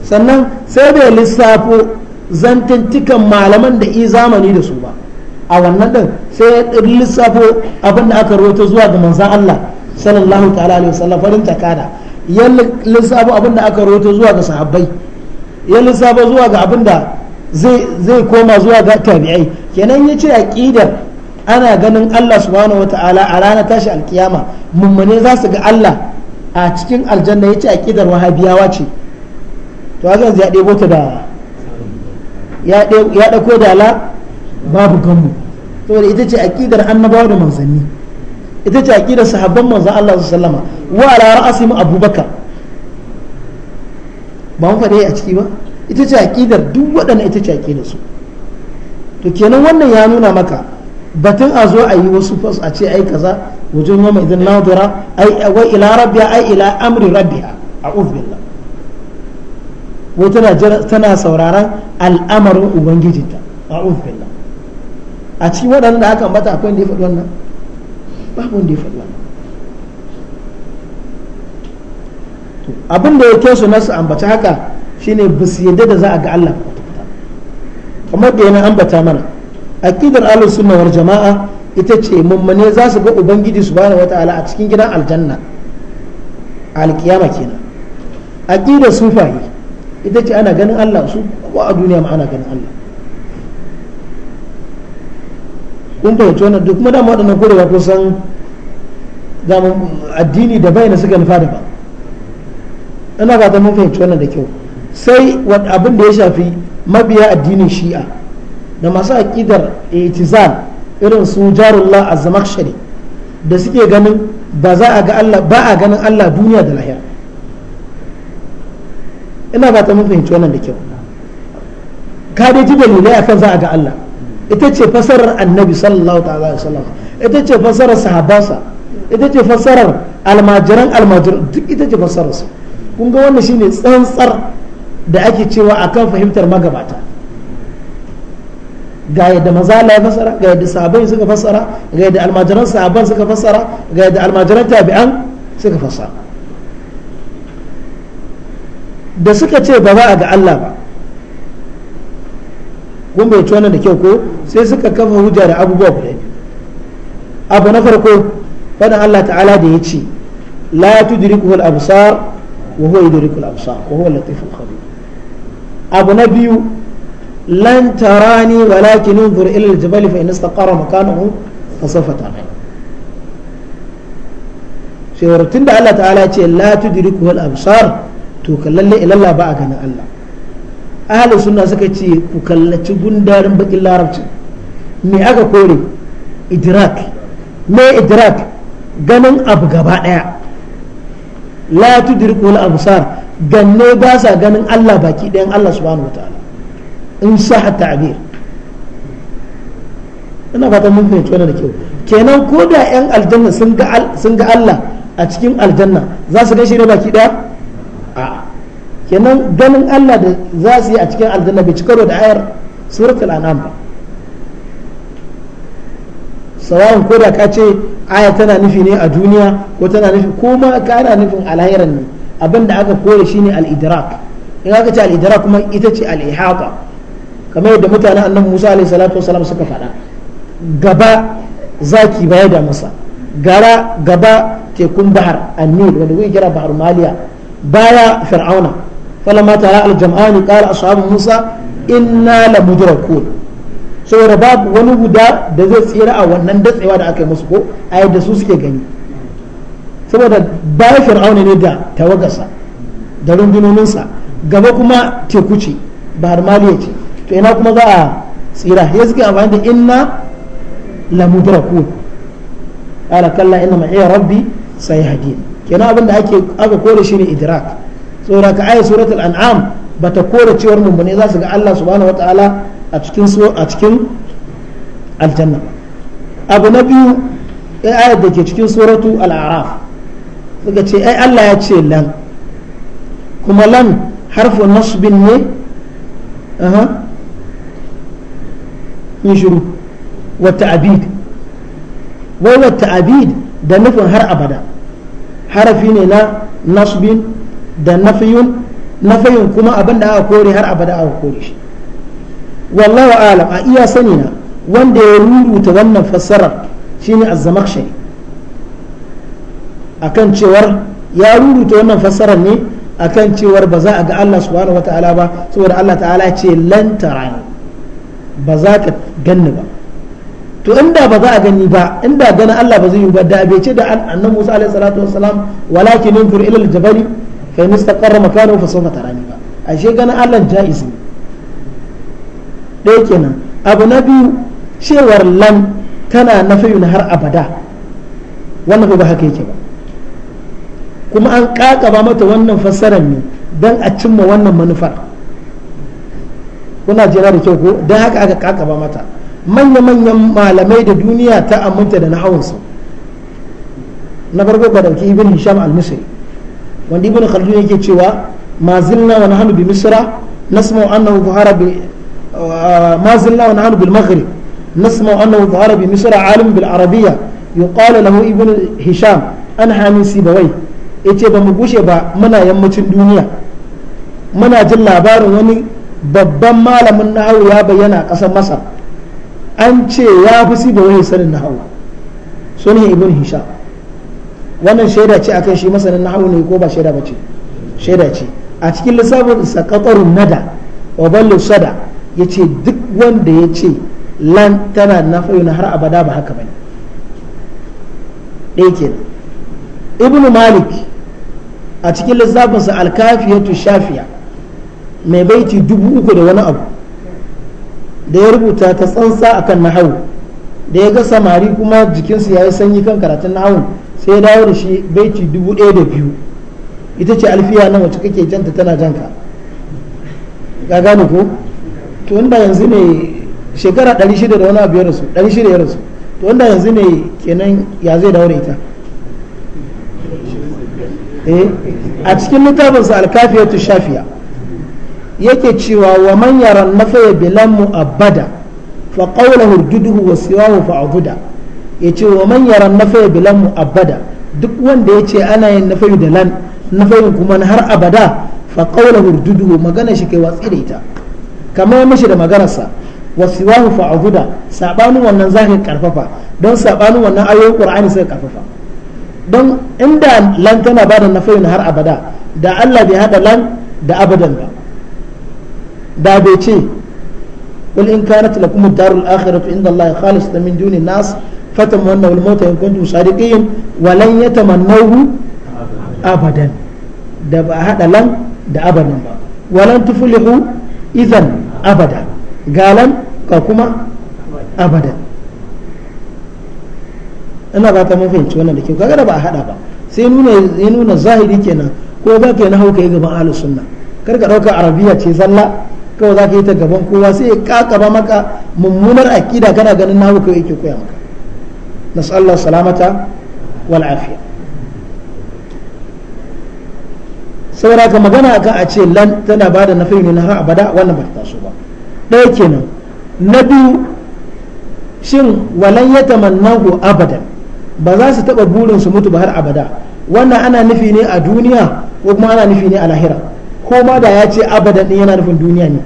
sannan sai da lissafo zantantukan malaman da i zamani da su ba a wannan din sai ya lissafo abin da aka rawaito zuwa ga manzan Allah sallallahu ta'ala alaihi wasallam farin takada ya lissafo abin da aka rawaito zuwa ga sahabbai ya lissafo zuwa ga abin da zai koma zuwa ga tabi'ai kenan ya ce aqidar ana ganin Allah subhanahu wata'ala a ranar tashi alkiyama mummune za su ga Allah a cikin aljanna ya ce aqidar wahabiyawa ce to haka ya ɗebo ta da ya ɗauko da la babu kanmu saboda ita ce aqidar annabawa da manzanni ita ce aqidar sahabban manzon Allah sallallahu wa ala ra'asim abubakar ba mu faɗe a ciki ba ita ce aqidar duk waɗannan ita ce aqidar su to kenan wannan ya nuna maka batun a zo a yi wasu fas a ce ai kaza wajen yamma idan na dora ai wa ila rabbiya ai ila amri rabbiya a billah wai tana tana sauraron al'amarin ubangijinta a'udhu billah a cikin waɗannan da aka ambata akwai wanda ya faɗi wannan babu wanda ya faɗi wannan abin ya ke su nasu ambaci haka shine ba su yadda da za a ga Allah kamar da yana ambata mana aqidar ahlus sunna wal jama'a ita ce mummune za su ga ubangiji subhanahu wataala a cikin gidan aljanna alkiyama kenan aqidar sufahi ita ce ana ganin Allah su ko a duniya ma ana ganin Allah kun fahimci wannan duk kuma dama waɗannan ko ko san addini da bayyana suka nufa daban ina ta mun fahimci wannan da kyau sai abin da ya shafi mabiya addinin shi'a da masu aƙidar itizal irin su jarullah a zamakshari da suke ganin ba za a ga Allah ba a ganin Allah duniya da lahira ina ba ta mun fahimci wannan da kyau ka dai ji dalilai kan za a ga Allah ita ce fasarar annabi sallallahu ta'ala wa sallam ita ce fasarar sahabasa ita ce fasarar almajiran almajiran duk ita ce fasararsa kun ga wannan shine tsantsar da ake cewa akan fahimtar magabata ga yadda mazala ya fasara ga yadda sahabai suka fasara ga yadda almajiran sahaban suka fasara ga yadda almajiran tabi'an suka fasara da suka ce ba ba a ga Allah ba kun bai wannan da kyau ko sai suka kafa hujja da abubuwa guda abu na farko faɗin Allah ta'ala da ya ce la tudrikuhu al-absar wa huwa yudriku al-absar wa huwa al-latif al-khabir abu na biyu lan tarani walakin unzur ila al-jabali fa in istaqara makanahu fa sawfa tarani sai tunda Allah ta'ala ce la tudrikuhu al-absar to kallalle ila Allah ba a ganin Allah ahalin suna suka ce ku kallaci gundarin bakin larabci me aka kore idrak me idrak ganin abu gaba daya la tudriku al absar ganne ba sa ganin Allah baki dayan Allah subhanahu wataala in saha ta'bir ina fata mun fahimci wannan da kyau kenan ko da yan aljanna sun ga Allah a cikin aljanna za su ga shi ne baki daya a'a kenan ganin Allah da za su yi a cikin aljanna bai ci karo da ayar suratul an'am ba ko da ka ce aya tana nufi ne a duniya ko tana nufi kuma ma kana nufin alhairan ne abinda aka kore shine al-idrak in aka ce al-idrak kuma ita ce al-ihata kamar yadda mutanen annabi Musa alaihi salatu suka faɗa gaba zaki baya da masa gara gaba tekun bahar annil wanda kuke kira bahar maliya baya fir'auna فلما ترى الجمعان قال أصحاب موسى إنا لمدركون saboda babu wani guda da zai tsira a wannan datsewa da aka yi musu ko a yadda su suke gani saboda bayan fir'auna ne da tawagarsa da rundunoninsa gaba kuma teku ce bahar maliya ce to ina kuma za a tsira ya suke amfani da inna la mudrakun ala kalla inna rabbi sai hadin kenan abin da ake aka kore shi ne idrak saboda ka ayat suratul an'am ta kore cewar mummune za su ga Allah subhanahu wataala a cikin so a cikin aljanna abu na biyu ai ayat da ke cikin suratu al-a'raf suka ce ai Allah ya ce lan kuma lan harfu nasbin ne aha kun shiru wa ta'bid wai wa ta'bid da nufin har abada harafi ne na nasbin da nafiyun nafayin kuma abin da aka kore har abada aka kore shi wallahu alam a iya sani na wanda ya rubuta wannan fassarar shine az-zamakhshari akan cewar ya rubuta wannan fassarar ne akan cewar ba za a ga Allah subhanahu wataala ba saboda Allah ta'ala ce lan tarani ba za ka ganni ba to inda ba za a gani ba inda gani Allah ba zai yi ba da bai ce da annabi Musa alaihi salatu wassalam walakin yanfur ila al-jabali kai karra makano fa sawfa tarani ba ashe ganin Allah jaiz ne ɗaya kenan abu na biyu cewar lam tana nafiyu na har abada wannan ba haka yake ba kuma an kakaba mata wannan fassarar ne don a cimma wannan manufar kuna jira da kyau ko don haka aka kakaba mata manya-manyan malamai da duniya ta aminta da na hawansu na farko ga dauki ibn hisham al-misri wanda ibn khaldun yake cewa ma zilna wa nahnu bi misra nasma'u annahu dhahara bi ما زلنا ونحن بالمغرب نسمع أنه ظهر بمصر عالم بالعربية يقال yace ba mu gushe ba muna yammacin duniya muna jin labarin wani babban malamin nahawu ya bayyana a ƙasar masar an ce ya fi sibawai sanin nahawu sunan ibn hisham wannan shaida ce akan shi masanin nahawu ne ko ba shaida ba ce shaida ce a cikin lissafin sakatarun nada wa ballu sada yace duk wanda ya ce lan tana nafayu na har abada ba haka bane ɗaya ke ibnu malik a cikin lissafin sa alkafiyatu shafiya mai baiti dubu uku da wani abu da ya rubuta ta tsantsa akan nahawu da ya ga samari kuma jikinsu ya yi sanyi kan karatun nahawun sai dawo da shi baiti dubu ɗaya da biyu ita ce alfiya nan wacce kake janta tana janka ga gane ko to wanda yanzu ne shekara ɗari shida da wani abu ya rasu ɗari shida ya rasu to wanda yanzu ne kenan ya zai dawo da ita eh a cikin littafinsa alkafiyatu shafiya yake cewa wa man yara nafaya bilan mu'abbada fa qawluhu duduhu wa siwahu fa abuda ya ce wa man yaran nafayi bilan mu'abbada duk wanda ya ce ana yin nafayi da lan nafayin kuma na har abada fa hurdudu magana shi kai watsi da ita kamar ya mishi da maganarsa wasiwahu fa abuda sabanin wannan zahirin karfafa don sabanin wannan ayoyin qur'ani sai karfafa don inda lan tana bada nafayin har abada da Allah bai hada lan da abadan ba da bai ce قل إن كانت لكم الدار الآخرة inda الله خالصة من دون الناس fatamannaw al-maut in kuntum sadiqin walan lan yatamannahu abadan da ba hada lan da abadan ba walan tuflihu idan abada galan ka kuma abadan ina ba ta mun fahimci wannan da kyau kaga da ba a hada ba sai nuna ya nuna zahiri kenan ko za ka yi na hauka yi gaban ahlus sunna kar ka dauka arabiya ce zalla kawai za ka yi ta gaban kowa sai ya kakaba maka mummunar akida kana ganin na hauka yake koya maka نسأل الله السلامة والعافية saboda ka magana akan a ce lan tana ba da nafi ne har abada wannan ba ta taso ba ɗaya kenan na biyu shin walan ya tamannahu abadan ba za su taɓa burin su mutu ba har abada wannan ana nufi ne a duniya ko kuma ana nufi ne a lahira ko ma da ya ce abada ɗin yana nufin duniya ne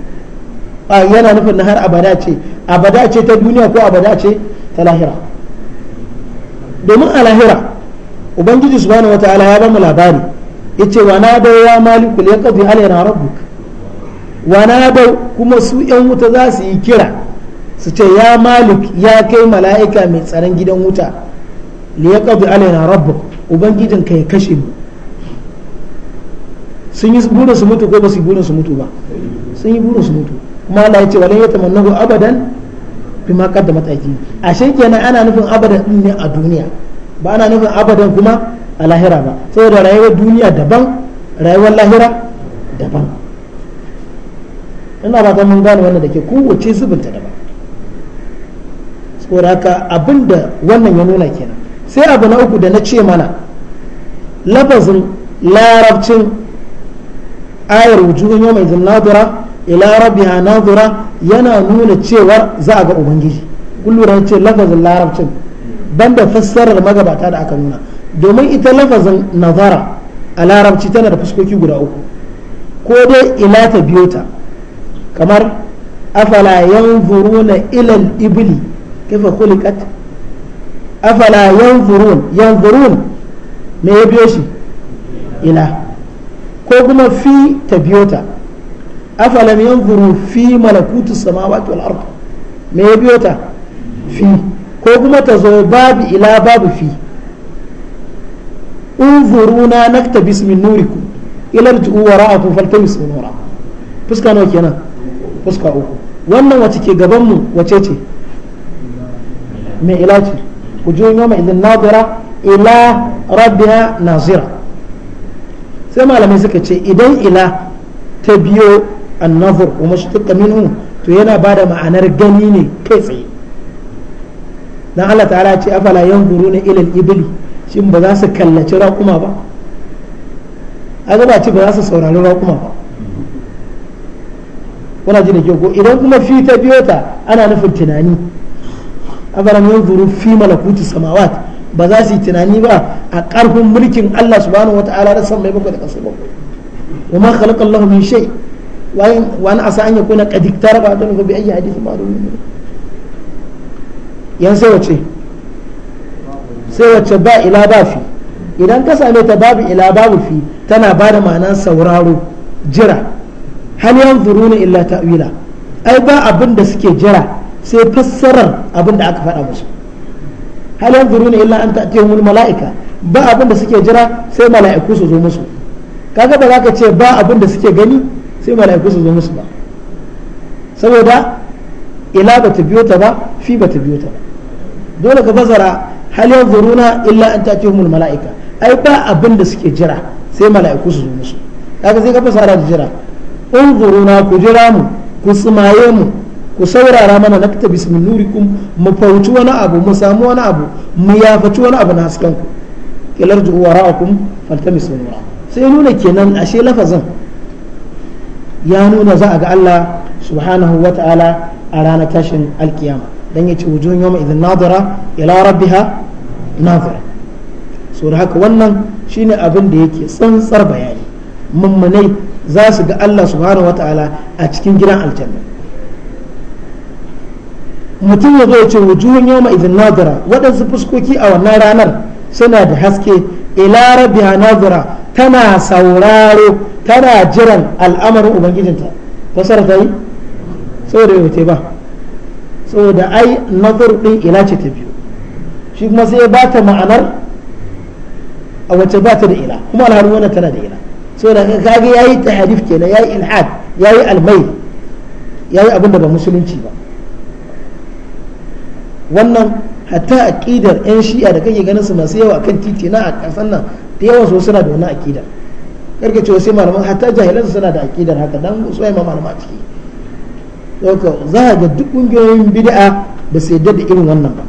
yana nufin na har abada ce abada ce ta duniya ko abada ce ta lahira domin a lahira ubangiji subhanahu wataala ya bamu labari yace wa na dau ya malikul yaqdi alaina rabbuk wa na dau kuma su yan wuta za su yi kira su ce ya malik ya kai mala'ika mai tsaron gidan wuta li yaqdi alaina rabbuk ubangijin ka ya kashe mu sun yi burin su mutu ko ba su yi burin su mutu ba sun yi burin su mutu kuma Allah ya ce walan yatamannahu abadan bima qaddamat a ashe kenan ana nufin abadan din ne a duniya ba ana nufin abadan kuma a lahira ba saboda rayuwar duniya daban rayuwar lahira daban ina ba ta mun gane wannan da ke kowace zubinta daban saboda haka abinda wannan ya nuna kenan sai abu na uku da na ce mana lafazin larabcin ayar wujuhun yau mai zinadura ila rabbiha yana nuna cewar za a ga ubangiji kullum ce lafazin larabcin banda fassarar magabata da aka nuna domin ita lafazin nazara a larabci tana da fuskoki guda uku ko dai ila ta biyo ta kamar afala yanzuruna ila al-ibli kaifa khuliqat afala yanzurun yanzurun me ya biyo shi ila ko kuma fi ta biyo ta afalam yanzuru fi malakutu samawati wal ard me ya biyo ta fi ko kuma ta zo babu ila babu fi unzuruna naktabis min nurikum ila rji'u wara'akum faltamisu nura fuska nawa kenan fuska uku wannan wace ke gaban mu wace ce me ila ce ku ji yau mai idan nadira ila rabbiha nazira sai malamai suka ce idan ila ta biyo annazur wa mashtuqa minhu to yana ba da ma'anar gani ne kai tsaye dan Allah ta'ala ce afala yanzuruna ila al-ibli shin ba za su kallaci raƙuma ba a ba ce ba za su saurari raƙuma ba kuna ji da kyau ko idan kuma fi ta biyo ta ana nufin tunani afalam yanzuru fi malakuti samawat ba za su yi tunani ba a ƙarfin mulkin Allah subhanahu wataala da san mai bakwai da ƙasa bakwai wa ma khalaqa Allahu min shay' wani asa an yakuna qad iktaraba ajaluhu bi ayyi hadithin ma'lum yan sai wace sai wace ba ila ba fi idan ka same ta babu ila babu fi tana ba da ma'anar sauraro jira hal ne illa ta'wila ai ba abin da suke jira sai fassarar abin da aka faɗa musu hal ne illa an ta'tihumul mala'ika ba abin da suke jira sai mala'iku su zo musu kaga ba za ka ce ba abin da suke gani sai mala'iku su zo musu ba saboda ila ba ta biyo ta ba fi ba ta biyo ta ba dole ka bazara hal yanzuruna illa an ta'tihumul mala'ika ai ba abin da suke jira sai mala'iku su zo musu kaga sai ka fasara da jira unzuruna ku jira mu ku tsumaye mu ku saurara mana nakta bismin nurikum mu fauci wani abu mu samu wani abu mu yafaci wani abu na hasken ku kilar ju'u wara'akum faltamisu nura sai nuna kenan ashe lafazin ya nuna za a ga Allah subhanahu wa ta'ala a ranar tashin alkiyama dan yace wujuhun yawma idhin nadira ila rabbiha nadira so da haka wannan shine abin da yake tsantsar bayani mummunai za su ga Allah subhanahu wa ta'ala a cikin gidan aljanna mutum ya zo ya ce wujuhun yawma idhin nadira waɗansu fuskoki a wannan ranar suna da haske ila rabbiha nadira tana sauraro tana jiran al'amarin ubangijinta fasara ta yi saboda yau te ba da ai nazar din ila ce ta biyu shi kuma sai ba ta ma'anar a wacce ba ta da ila kuma al'adu wannan tana da ila da ta kaga yayi tahrif kenan yi ilhad yi almai ya abin da ba musulunci ba wannan hatta aƙidar yan shi'a da kake ganin su masu yawa kan titi na a kasan nan da yawa su suna da wannan aqidar karka cewa sai malaman hatta jahilan suna da aqidar haka dan su ai malama ciki doka za ga duk kungiyoyin bid'a ba su yadda da irin wannan ba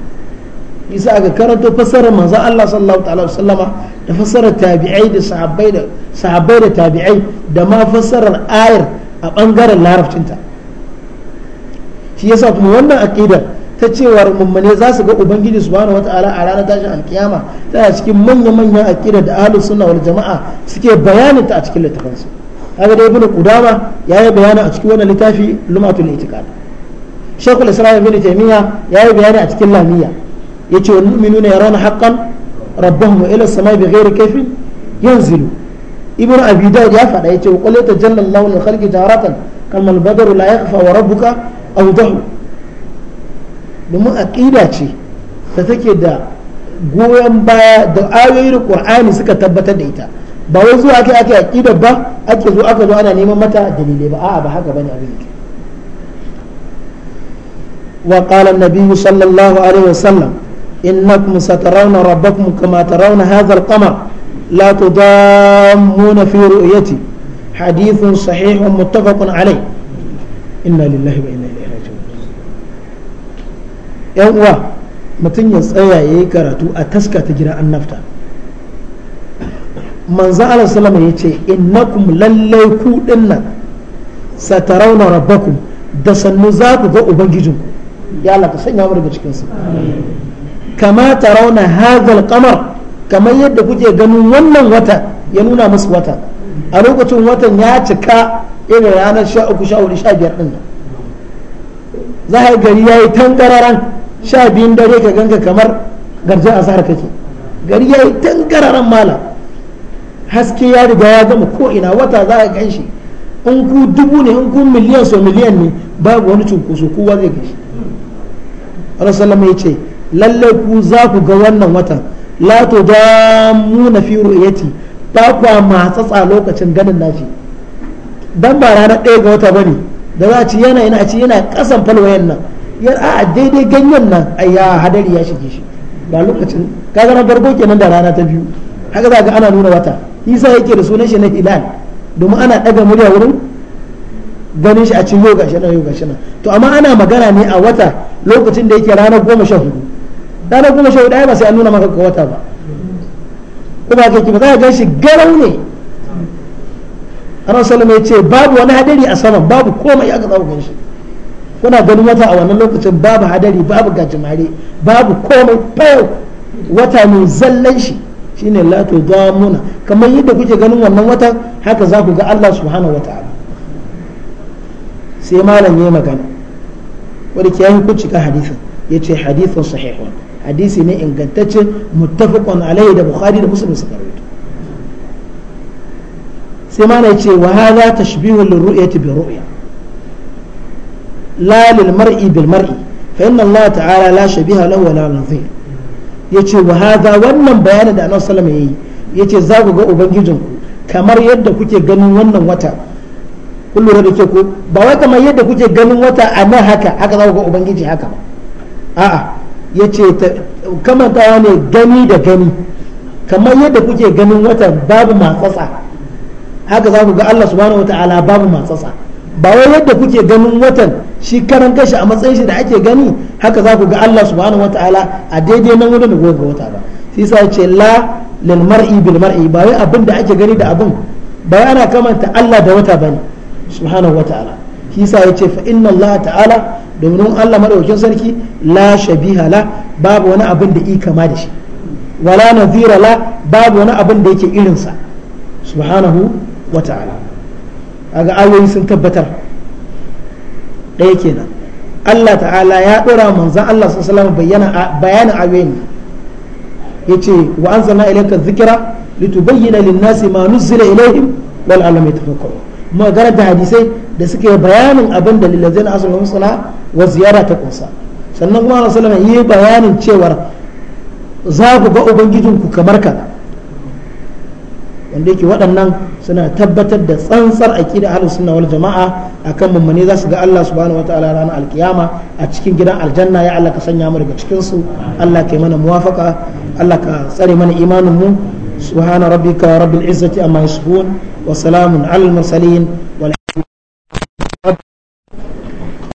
isa aka karanto fasarar manzo Allah sallallahu ta'ala sallama da fasara tabi'ai da sahabbai da sahabbai da tabi'ai da ma fassarar ayar a bangaren larabcinta shi yasa kuma wannan aqidar ta cewar mummune za su ga ubangiji subhanahu wata'ala a ranar tashin alkiyama tana cikin manya manyan aqida da ahlus sunna wal jama'a suke bayanin ta a cikin littafansu haka dai ibnu qudama yayi bayani a cikin wannan littafi lumatul itiqad shaykhul islam ibn taymiya yayi bayani a cikin lamiya yace wal mu'minuna yarawna haqqan rabbahum ila as-samai bighairi kayfin yanzilu ibnu abi daud ya faɗa yace qul ta janna allahu li khalqi jaratan kama al-badaru la yakhfa wa rabbuka awdahu domin aƙida ce ta take da goyon baya da ayoyi da ƙur'ani suka tabbatar da ita ba wai zuwa ake ake aƙida ba ake zo aka zo ana neman mata dalilai ba a'a ba haka bane abin yake wa qala an-nabiy sallallahu alaihi wasallam innakum satarawna rabbakum kama tarawna hadha al-qamar la tudammuna fi ru'yati hadithun sahihun muttafaqun alayh inna lillahi wa inna ilaihi yan uwa mutum ya tsaya ya yi karatu a taska ta gidan annabta manzo Ala sallama ya ce innakum lallai ku dinnan satarauna rabbakum da sannu za ku ga ubangijinku ya Allah ka sanya mu daga cikin su kama tarauna hadhal qamar kamar yadda kuke ganin wannan wata ya nuna musu wata a lokacin watan ya cika irin ranar sha uku sha hudu sha biyar za a gari ya yi tangararan sha biyun dare ka ganka kamar garjin asar kake gari ya yi tangararan mala haske ya riga ya gama ko ina wata za a gan shi in ku dubu ne in ku miliyan so miliyan ne babu wani cunkoso kowa zai gashi rasulullah ya ce lallai ku za ku ga wannan watan la tudamuna fi ru'yati ba a matsatsa lokacin ganin nashi dan ba ranar ɗaya ga wata ba ne da za a ci yana yana ci yana kasan falwayen nan ya a daidai ganyen nan ya hadari ya shige shi ba lokacin ka zama farko kenan da rana ta biyu haka za ga ana nuna wata isa yake da sunan shi na hilal domin ana daga murya wurin ganin shi a cikin yau gashi nan yau gashi nan to amma ana magana ne a wata lokacin da yake ranar goma sha hudu ranar goma sha hudu ai ba sai an nuna maka ga wata ba kuma ka ki ba za ka gan shi garau ne rasulullah ya ce babu wani hadari a saman babu komai aka zaba gan shi kuna ganin wata a wannan lokacin babu hadari babu gajimare babu komai fayo wata mai zallan shi shine lato muna kamar yadda kuke ganin wannan wata haka za ku ga Allah subhanahu wataala sai malam ya magana wadda ke yi kunci kan hadisin yace hadisin sahihun hadisi ne ingantaccen muttafaqun alaihi da bukhari da muslim suka rawaito sai malam ya ce wa hadha tashbihu lirru'yati bi ru'ya لا للمرء بالمرء bil الله تعالى لا شبيه له ولا نظير يتي wa la nazir yace wa wannan bayanin da Annabi sallallahu alaihi wasallam yayi yace za ku ga ku kamar yadda kuke ganin wannan wata kun lura da ke ko ba wai kamar yadda kuke ganin wata a nan haka haka za ku ga ubangiji haka ba a'a yace ta ne gani da gani kamar yadda kuke ganin wata babu matsatsa haka za ku ga Allah subhanahu wataala babu matsatsa ba wai yadda kuke ganin watan shi karan kashi a matsayin shi da ake gani haka za ku ga Allah subhanahu wataala a daidai nan wurin da gobe wata ba shi yasa ce la lil mar'i bil mar'i ba wai abin da ake gani da abin ba ana kamanta Allah da wata bane subhanahu wataala shi yasa yace fa inna Allah ta'ala domin Allah madaukakin sarki la shabiha la babu wani abin da i kama da shi wala nadhira la babu wani abin da yake irinsa subhanahu wataala ga ayoyi sun tabbatar ɗaya kenan Allah ta'ala ya ɗora manzan Allah sallallahu bayyana bayanin ayoyin ce wa anzalna ilayka zikira litubayyana lin-nasi ma nuzila ilayhim wal alam yatafakkaru magana da hadisai da suke bayanin abin da lillazina asalin sala wa ziyara ta kunsa sannan kuma Allah sallallahu yi bayanin cewar za ku ga ubangijinku kamar kaza wanda yake waɗannan suna tabbatar da tsantsar aqida ahlus sunna wal jama'a akan mummune za su ga Allah subhanahu wataala ranar alkiyama a cikin gidan aljanna ya Allah ka sanya mu daga cikin su Allah ka yi mana muwafaka Allah ka tsare mana imanin mu subhana rabbika rabbil izzati amma yasifun wa salamun alal mursalin